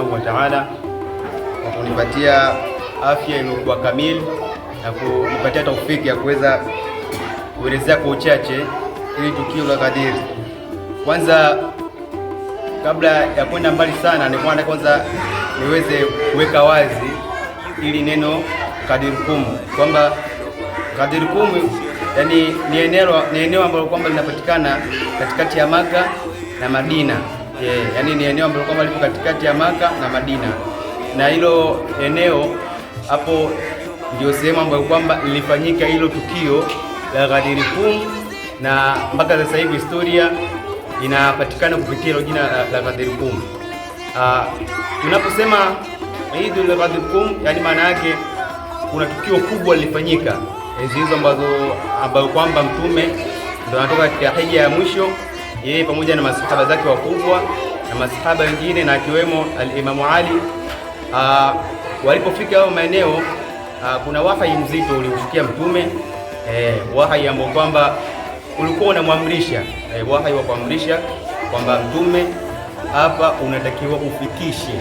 subhanahu wa taala kwa kunipatia afya iliyokuwa kamili na kunipatia taufiki ya kuweza kuelezea kwa uchache ili tukio la Kadiri. Kwanza, kabla ya kwenda mbali sana, nilikuwa kwanza niweze kuweka wazi ili neno Kadiri kumu kwamba Kadiri Kumu yani ni eneo ambalo kwamba linapatikana katikati ya Maka na Madina yeah. Yani ni eneo ambalo kwamba lipo katikati ya Maka na Madina, na hilo eneo hapo ndio sehemu ambayo kwamba lilifanyika hilo tukio la Ghadir Khum, na mpaka sasa hivi historia inapatikana kupitia hilo jina la Ghadir Khum. Ah, tunaposema Eidul Ghadir Khum, yani maana yake kuna tukio kubwa lilifanyika enzi hizo ambazo ambayo kwamba mtume ndio anatoka katika hija ya mwisho yeye pamoja na masahaba zake wakubwa na masahaba wengine na akiwemo Alimamu Ali. Ah, walipofika hayo maeneo, ah, kuna wahai mzito uliufikia Mtume e, wahai ambao kwamba ulikuwa unamwamrisha e, wahai wa kuamrisha kwamba Mtume, hapa unatakiwa ufikishe